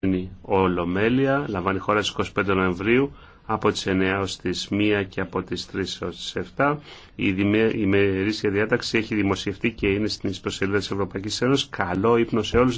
Είναι Ολομέλεια λαμβάνει χώρα στις 25 Νοεμβρίου από τις 9 ως τις 1 και από τις 3 ως τις 7. Η ημερήσια διάταξη έχει δημοσιευτεί και είναι στην ιστοσελίδα της Ευρωπαϊκής Ένωσης. Καλό ύπνο σε όλους.